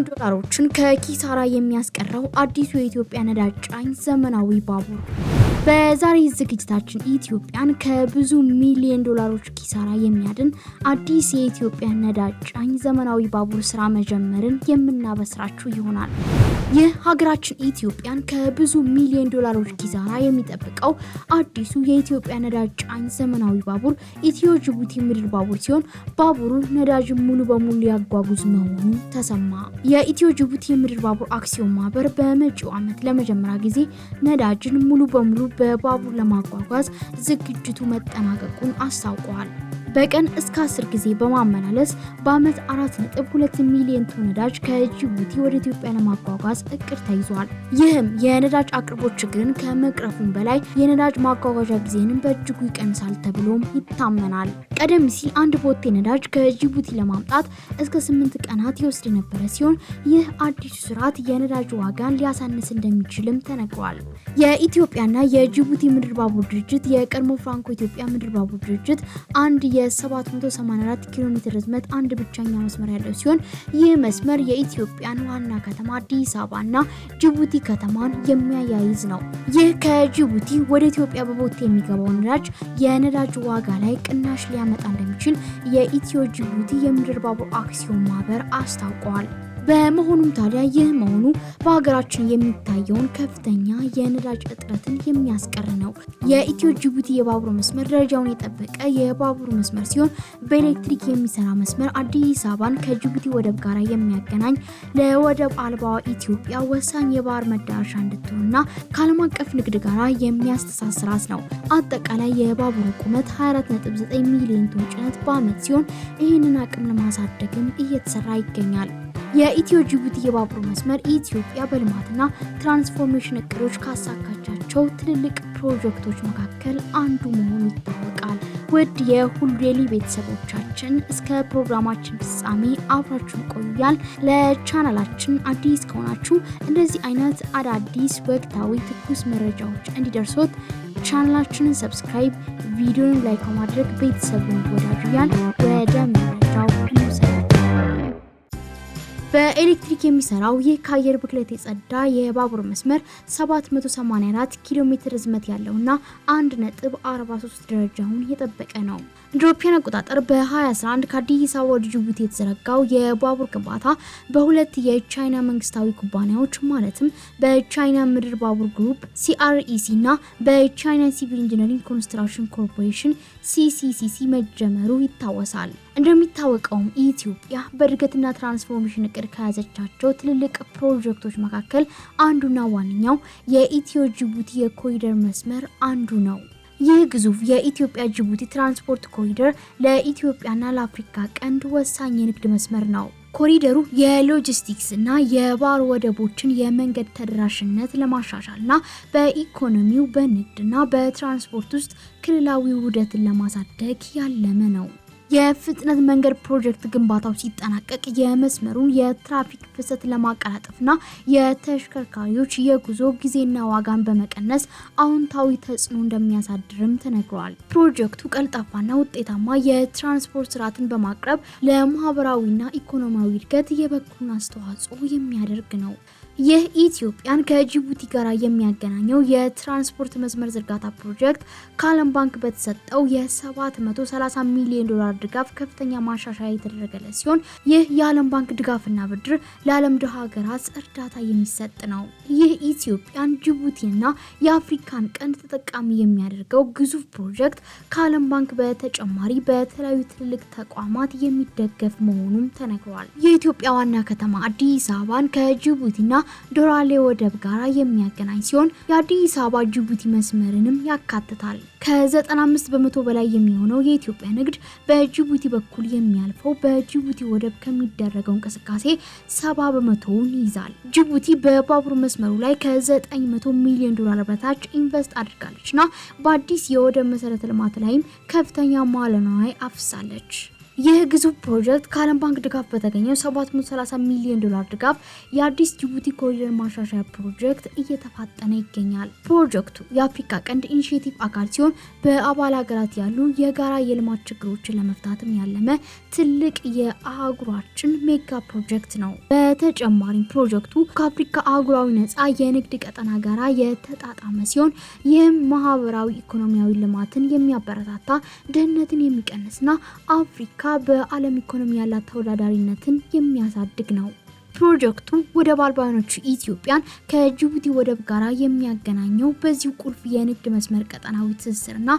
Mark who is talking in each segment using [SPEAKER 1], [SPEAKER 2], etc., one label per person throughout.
[SPEAKER 1] ቢሊዮን ዶላሮችን ከኪሳራ የሚያስቀረው አዲሱ የኢትዮጵያ ነዳጅ ጫኝ ዘመናዊ ባቡር በዛሬ ዝግጅታችን ኢትዮጵያን ከብዙ ሚሊዮን ዶላሮች ኪሳራ የሚያድን አዲስ የኢትዮጵያ ነዳጅ ጫኝ ዘመናዊ ባቡር ስራ መጀመርን የምናበስራችሁ ይሆናል። ይህ ሀገራችን ኢትዮጵያን ከብዙ ሚሊዮን ዶላሮች ኪሳራ የሚጠብቀው አዲሱ የኢትዮጵያ ነዳጅ ጫኝ ዘመናዊ ባቡር ኢትዮ ጅቡቲ ምድር ባቡር ሲሆን ባቡሩ ነዳጅ ሙሉ በሙሉ ሊያጓጉዝ መሆኑ ተሰማ። የኢትዮ ጅቡቲ ምድር ባቡር አክሲዮን ማህበር በመጪው ዓመት ለመጀመሪያ ጊዜ ነዳጅን ሙሉ በሙሉ በባቡር ለማጓጓዝ ዝግጅቱ መጠናቀቁን አስታውቀዋል። በቀን እስከ 10 ጊዜ በማመላለስ በአመት 4.2 ሚሊዮን ቶን ነዳጅ ከጅቡቲ ወደ ኢትዮጵያ ለማጓጓዝ እቅድ ተይዟል። ይህም የነዳጅ አቅርቦት ችግርን ከመቅረፉም በላይ የነዳጅ ማጓጓዣ ጊዜንም በእጅጉ ይቀንሳል ተብሎም ይታመናል። ቀደም ሲል አንድ ቦቴ ነዳጅ ከጅቡቲ ለማምጣት እስከ 8 ቀናት ይወስድ የነበረ ሲሆን ይህ አዲሱ ስርዓት የነዳጅ ዋጋን ሊያሳንስ እንደሚችልም ተነግሯል። የኢትዮጵያና የጅቡቲ ምድር ባቡር ድርጅት የቀድሞ ፍራንኮ ኢትዮጵያ ምድር ባቡር ድርጅት አንድ የ784 ኪሎ ሜትር ርዝመት አንድ ብቸኛ መስመር ያለው ሲሆን ይህ መስመር የኢትዮጵያን ዋና ከተማ አዲስ አበባ እና ጅቡቲ ከተማን የሚያያይዝ ነው። ይህ ከጅቡቲ ወደ ኢትዮጵያ በቦቴ የሚገባው ነዳጅ የነዳጅ ዋጋ ላይ ቅናሽ ሊያመጣ እንደሚችል የኢትዮ ጅቡቲ የምድር ባቡር አክሲዮን ማህበር አስታውቋል። በመሆኑም ታዲያ ይህ መሆኑ በሀገራችን የሚታየውን ከፍተኛ የነዳጅ እጥረትን የሚያስቀር ነው። የኢትዮ ጅቡቲ የባቡር መስመር ደረጃውን የጠበቀ የባቡር መስመር ሲሆን በኤሌክትሪክ የሚሰራ መስመር አዲስ አበባን ከጅቡቲ ወደብ ጋር የሚያገናኝ ለወደብ አልባዋ ኢትዮጵያ ወሳኝ የባህር መዳረሻ እንድትሆንና ከዓለም አቀፍ ንግድ ጋር የሚያስተሳስራት ነው። አጠቃላይ የባቡር ቁመት 24.9 ሚሊዮን ቶን ጭነት በዓመት ሲሆን ይህንን አቅም ለማሳደግም እየተሰራ ይገኛል። የኢትዮ ጅቡቲ የባቡር መስመር ኢትዮጵያ በልማትና ትራንስፎርሜሽን እቅዶች ካሳካቻቸው ትልልቅ ፕሮጀክቶች መካከል አንዱ መሆኑ ይታወቃል። ውድ የሁሉ ዴይሊ ቤተሰቦቻችን እስከ ፕሮግራማችን ፍጻሜ አብራችሁን ቆያል። ለቻናላችን አዲስ ከሆናችሁ እንደዚህ አይነት አዳዲስ ወቅታዊ ትኩስ መረጃዎች እንዲደርሶት ቻናላችንን ሰብስክራይብ፣ ቪዲዮን ላይክ በማድረግ ቤተሰቡን ይወዳጁያል። ወደ መረጃው በኤሌክትሪክ የሚሰራው ይህ ከአየር ብክለት የጸዳ የባቡር መስመር 784 ኪሎ ሜትር ርዝመት ያለውና 1.43 ደረጃውን የጠበቀ ነው። እንደ አውሮፓውያን አቆጣጠር በ2011 ከአዲስ አበባ ወደ ጅቡቲ የተዘረጋው የባቡር ግንባታ በሁለት የቻይና መንግስታዊ ኩባንያዎች ማለትም በቻይና ምድር ባቡር ግሩፕ ሲአርኢሲ እና በቻይና ሲቪል ኢንጂነሪንግ ኮንስትራክሽን ኮርፖሬሽን ሲሲሲሲ መጀመሩ ይታወሳል። እንደሚታወቀውም ኢትዮጵያ በእድገትና ትራንስፎርሜሽን እቅድ ከያዘቻቸው ትልልቅ ፕሮጀክቶች መካከል አንዱና ዋነኛው የኢትዮ ጅቡቲ የኮሪደር መስመር አንዱ ነው። ይህ ግዙፍ የኢትዮጵያ ጅቡቲ ትራንስፖርት ኮሪደር ለኢትዮጵያና ለአፍሪካ ቀንድ ወሳኝ የንግድ መስመር ነው። ኮሪደሩ የሎጂስቲክስ እና የባህር ወደቦችን የመንገድ ተደራሽነት ለማሻሻልና በኢኮኖሚው በንግድና በትራንስፖርት ውስጥ ክልላዊ ውህደትን ለማሳደግ ያለመ ነው። የፍጥነት መንገድ ፕሮጀክት ግንባታው ሲጠናቀቅ የመስመሩን የትራፊክ ፍሰት ለማቀላጠፍና የተሽከርካሪዎች የጉዞ ጊዜና ዋጋን በመቀነስ አዎንታዊ ተጽዕኖ እንደሚያሳድርም ተነግሯል። ፕሮጀክቱ ቀልጣፋና ውጤታማ የትራንስፖርት ስርዓትን በማቅረብ ለማህበራዊና ኢኮኖሚያዊ እድገት የበኩሉን አስተዋጽኦ የሚያደርግ ነው። ይህ ኢትዮጵያን ከጅቡቲ ጋር የሚያገናኘው የትራንስፖርት መስመር ዝርጋታ ፕሮጀክት ከዓለም ባንክ በተሰጠው የ730 ሚሊዮን ዶላር ድጋፍ ከፍተኛ ማሻሻያ የተደረገለት ሲሆን ይህ የዓለም ባንክ ድጋፍና ብድር ለዓለም ድሃ ሀገራት እርዳታ የሚሰጥ ነው። ይህ ኢትዮጵያን፣ ጅቡቲና የአፍሪካን ቀንድ ተጠቃሚ የሚያደርገው ግዙፍ ፕሮጀክት ከዓለም ባንክ በተጨማሪ በተለያዩ ትልቅ ተቋማት የሚደገፍ መሆኑም ተነግሯል። የኢትዮጵያ ዋና ከተማ አዲስ አበባን ከጅቡቲና ዶራሌ ወደብ ጋር የሚያገናኝ ሲሆን የአዲስ አበባ ጅቡቲ መስመርንም ያካትታል። ከ95 በመቶ በላይ የሚሆነው የኢትዮጵያ ንግድ በጅቡቲ በኩል የሚያልፈው በጅቡቲ ወደብ ከሚደረገው እንቅስቃሴ 70 በመቶውን ይይዛል። ጅቡቲ በባቡር መስመሩ ላይ ከ900 ሚሊዮን ዶላር በታች ኢንቨስት አድርጋለች እና በአዲስ የወደብ መሰረተ ልማት ላይም ከፍተኛ ማለናዋይ አፍሳለች። ይህ ግዙፍ ፕሮጀክት ከዓለም ባንክ ድጋፍ በተገኘው 730 ሚሊዮን ዶላር ድጋፍ የአዲስ ጅቡቲ ኮሪደር ማሻሻያ ፕሮጀክት እየተፋጠነ ይገኛል። ፕሮጀክቱ የአፍሪካ ቀንድ ኢኒሽቲቭ አካል ሲሆን በአባል ሀገራት ያሉ የጋራ የልማት ችግሮችን ለመፍታትም ያለመ ትልቅ የአህጉራችን ሜጋ ፕሮጀክት ነው። በተጨማሪም ፕሮጀክቱ ከአፍሪካ አህጉራዊ ነጻ የንግድ ቀጠና ጋራ የተጣጣመ ሲሆን ይህም ማህበራዊ ኢኮኖሚያዊ ልማትን የሚያበረታታ ደህንነትን የሚቀንስና አፍሪካ አሜሪካ በዓለም ኢኮኖሚ ያላት ተወዳዳሪነትን የሚያሳድግ ነው። ፕሮጀክቱ ወደብ አልባኖቹ ኢትዮጵያን ከጅቡቲ ወደብ ጋር የሚያገናኘው በዚሁ ቁልፍ የንግድ መስመር ቀጠናዊ ትስስርና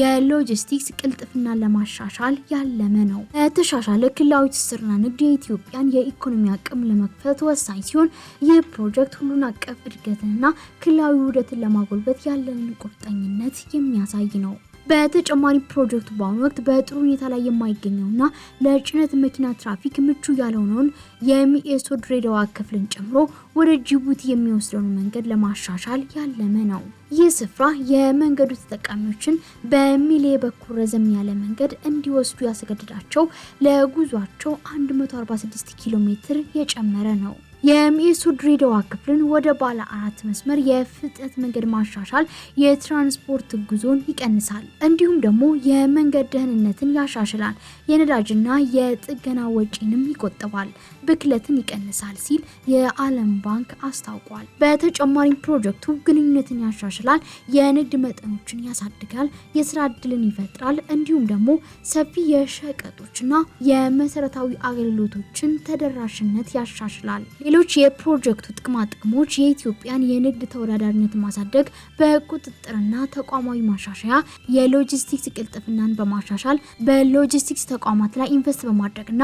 [SPEAKER 1] የሎጂስቲክስ ቅልጥፍናን ለማሻሻል ያለመ ነው። ተሻሻለ ክልላዊ ትስስርና ንግድ የኢትዮጵያን የኢኮኖሚ አቅም ለመክፈት ወሳኝ ሲሆን፣ ይህ ፕሮጀክት ሁሉን አቀፍ እድገትንና ክልላዊ ውህደትን ለማጎልበት ያለንን ቁርጠኝነት የሚያሳይ ነው። በተጨማሪ ፕሮጀክቱ በአሁኑ ወቅት በጥሩ ሁኔታ ላይ የማይገኘውና ለጭነት መኪና ትራፊክ ምቹ ያልሆነውን የሚኤሶ ድሬዳዋ ክፍልን ጨምሮ ወደ ጅቡቲ የሚወስደውን መንገድ ለማሻሻል ያለመ ነው። ይህ ስፍራ የመንገዱ ተጠቃሚዎችን በሚሌ በኩል ረዘም ያለ መንገድ እንዲወስዱ ያስገድዳቸው ለጉዟቸው 146 ኪሎ ሜትር የጨመረ ነው። የሚኢሶ ድሬዳዋ ክፍልን ወደ ባለ አራት መስመር የፍጥነት መንገድ ማሻሻል የትራንስፖርት ጉዞን ይቀንሳል፣ እንዲሁም ደግሞ የመንገድ ደህንነትን ያሻሽላል። የነዳጅና የጥገና ወጪንም ይቆጥባል። ብክለትን ይቀንሳል ሲል የዓለም ባንክ አስታውቋል። በተጨማሪም ፕሮጀክቱ ግንኙነትን ያሻሽላል፣ የንግድ መጠኖችን ያሳድጋል፣ የስራ እድልን ይፈጥራል፣ እንዲሁም ደግሞ ሰፊ የሸቀጦችና የመሰረታዊ አገልግሎቶችን ተደራሽነት ያሻሽላል። ሌሎች የፕሮጀክቱ ጥቅማ ጥቅሞች የኢትዮጵያን የንግድ ተወዳዳሪነት ማሳደግ፣ በቁጥጥርና ተቋማዊ ማሻሻያ፣ የሎጂስቲክስ ቅልጥፍናን በማሻሻል በሎጂስቲክስ ተቋማት ላይ ኢንቨስት በማድረግና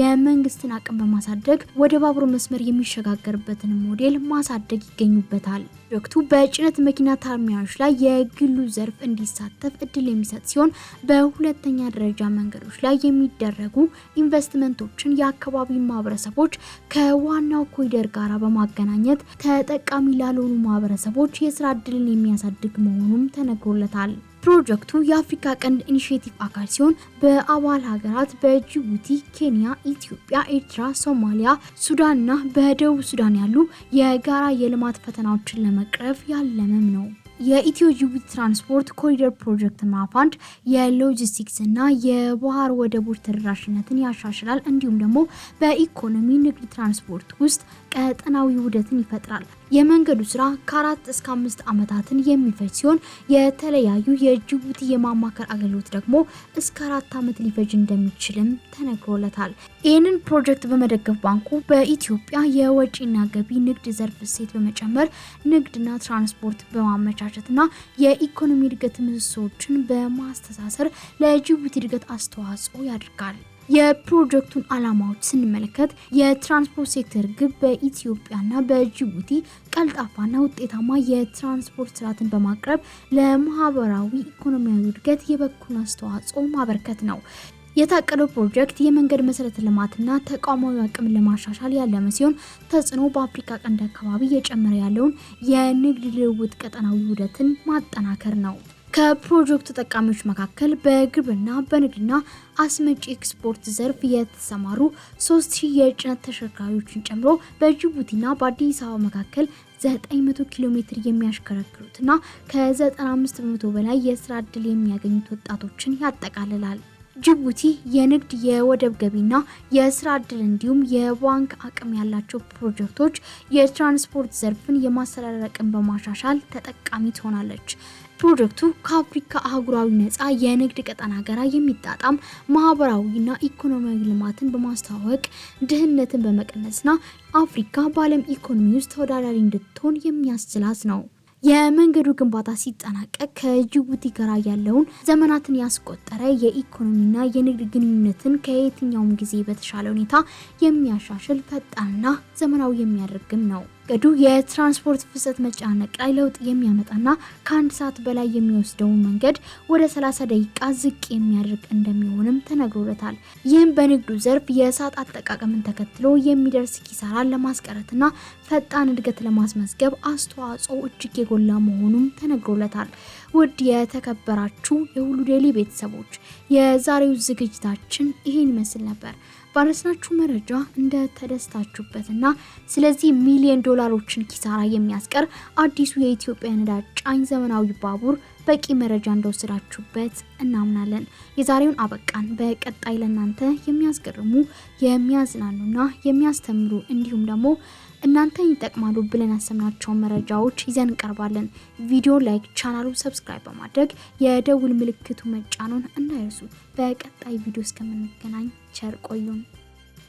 [SPEAKER 1] የመንግስትን አቅም በማሳ በማሳደግ ወደ ባቡር መስመር የሚሸጋገርበትን ሞዴል ማሳደግ ይገኙበታል። ፕሮጀክቱ በጭነት መኪና ተርሚናሎች ላይ የግሉ ዘርፍ እንዲሳተፍ እድል የሚሰጥ ሲሆን በሁለተኛ ደረጃ መንገዶች ላይ የሚደረጉ ኢንቨስትመንቶችን የአካባቢ ማህበረሰቦች ከዋናው ኮሪደር ጋር በማገናኘት ተጠቃሚ ላልሆኑ ማህበረሰቦች የስራ እድልን የሚያሳድግ መሆኑም ተነግሮለታል። ፕሮጀክቱ የአፍሪካ ቀንድ ኢኒሽቲቭ አካል ሲሆን በአባል ሀገራት በጅቡቲ፣ ኬንያ፣ ኢትዮጵያ፣ ኤርትራ፣ ሶማሊያ፣ ሱዳን እና በደቡብ ሱዳን ያሉ የጋራ የልማት ፈተናዎችን ለመቅረፍ ያለመም ነው። የኢትዮ ጅቡቲ ትራንስፖርት ኮሪደር ፕሮጀክት ማፋንድ እና የባህር ወደቦች ተደራሽነትን ያሻሽላል። እንዲሁም ደግሞ በኢኮኖሚ ንግድ፣ ትራንስፖርት ውስጥ ቀጠናዊ ውህደትን ይፈጥራል። የመንገዱ ስራ ከአራት እስከ አምስት ዓመታትን የሚፈጅ ሲሆን የተለያዩ የጅቡቲ የማማከር አገልግሎት ደግሞ እስከ አራት ዓመት ሊፈጅ እንደሚችልም ተነግሮለታል። ይህንን ፕሮጀክት በመደገፍ ባንኩ በኢትዮጵያ የወጪና ገቢ ንግድ ዘርፍ እሴት በመጨመር ንግድና ትራንስፖርት በማመቻቸትና የኢኮኖሚ እድገት ምሰሶዎችን በማስተሳሰር ለጅቡቲ እድገት አስተዋጽኦ ያደርጋል። የፕሮጀክቱን ዓላማዎች ስንመለከት የትራንስፖርት ሴክተር ግብ በኢትዮጵያና በጅቡቲ ቀልጣፋና ውጤታማ የትራንስፖርት ስርዓትን በማቅረብ ለማህበራዊ ኢኮኖሚያዊ እድገት የበኩሉን አስተዋጽኦ ማበርከት ነው። የታቀደው ፕሮጀክት የመንገድ መሰረተ ልማትና ተቋማዊ አቅም ለማሻሻል ያለመ ሲሆን ተጽዕኖ በአፍሪካ ቀንድ አካባቢ እየጨመረ ያለውን የንግድ ልውውጥ ቀጠናዊ ውህደትን ማጠናከር ነው። ከፕሮጀክቱ ተጠቃሚዎች መካከል በግብርና በንግድና አስመጪ ኤክስፖርት ዘርፍ የተሰማሩ ሶስት ሺህ የጭነት ተሽከርካሪዎችን ጨምሮ በጅቡቲና በአዲስ አበባ መካከል 900 ኪሎ ሜትር የሚያሽከረክሩትና ከ95 በመቶ በላይ የስራ ዕድል የሚያገኙት ወጣቶችን ያጠቃልላል። ጅቡቲ የንግድ የወደብ ገቢና የስራ እድል እንዲሁም የባንክ አቅም ያላቸው ፕሮጀክቶች የትራንስፖርት ዘርፍን የማሰራረቅን በማሻሻል ተጠቃሚ ትሆናለች። ፕሮጀክቱ ከአፍሪካ አህጉራዊ ነፃ የንግድ ቀጠና ጋር የሚጣጣም ማህበራዊና ኢኮኖሚያዊ ልማትን በማስተዋወቅ ድህነትን በመቀነስና አፍሪካ በዓለም ኢኮኖሚ ውስጥ ተወዳዳሪ እንድትሆን የሚያስችላት ነው። የመንገዱ ግንባታ ሲጠናቀቅ ከጅቡቲ ጋር ያለውን ዘመናትን ያስቆጠረ የኢኮኖሚና የንግድ ግንኙነትን ከየትኛውም ጊዜ በተሻለ ሁኔታ የሚያሻሽል ፈጣንና ዘመናዊ የሚያደርግም ነው። እቅዱ የትራንስፖርት ፍሰት መጨናነቅ ላይ ለውጥ የሚያመጣና ከአንድ ሰዓት በላይ የሚወስደውን መንገድ ወደ 30 ደቂቃ ዝቅ የሚያደርግ እንደሚሆንም ተነግሮለታል። ይህም በንግዱ ዘርፍ የእሳት አጠቃቀምን ተከትሎ የሚደርስ ኪሳራን ለማስቀረትና ፈጣን እድገት ለማስመዝገብ አስተዋጽኦ እጅግ የጎላ መሆኑም ተነግሮለታል። ውድ የተከበራችሁ የሁሉ ዴይሊ ቤተሰቦች የዛሬው ዝግጅታችን ይህን ይመስል ነበር። ባረስናችሁ መረጃ እና ስለዚህ ሚሊዮን ዶላሮችን ኪሳራ የሚያስቀር አዲሱ የኢትዮጵያ ነዳጅ ጫኝ ዘመናዊ ባቡር በቂ መረጃ እንደወሰዳችሁበት እናምናለን። የዛሬውን አበቃን። በቀጣይ ለእናንተ የሚያስገርሙ የሚያዝናኑና የሚያስተምሩ እንዲሁም ደግሞ እናንተን ይጠቅማሉ ብለን ያሰብናቸውን መረጃዎች ይዘን እንቀርባለን። ቪዲዮ ላይክ፣ ቻናሉ ሰብስክራይብ በማድረግ የደውል ምልክቱ መጫኑን እንዳይረሱ። በቀጣይ ቪዲዮ እስከምንገናኝ ቸር ቆዩን።